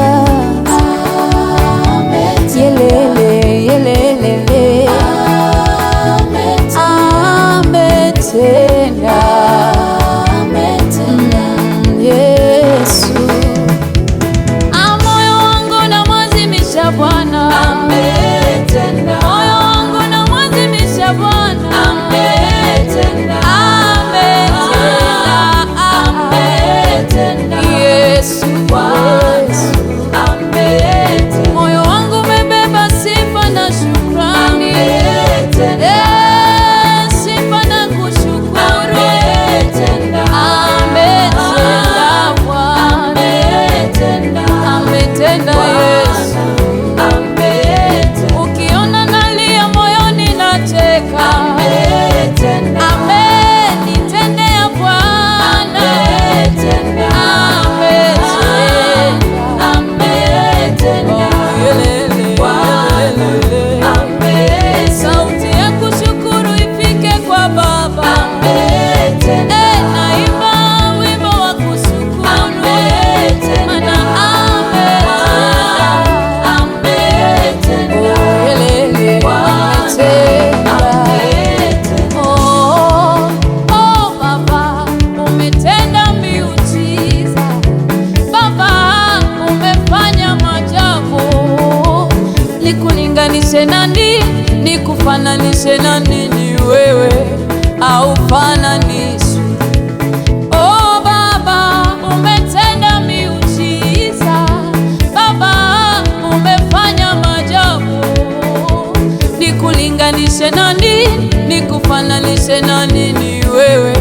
casa. nifananishe na nini? Nikufananishe na nini wewe au fananishe? Baba, umetenda miujiza, Baba Nikulinganishe na nini? Nikufananishe na nini wewe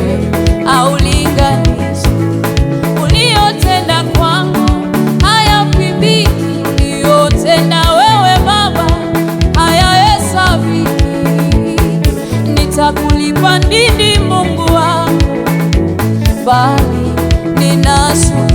kwa nini Mungu wangu, bali ninasu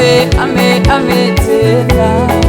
ame, ame, ame tena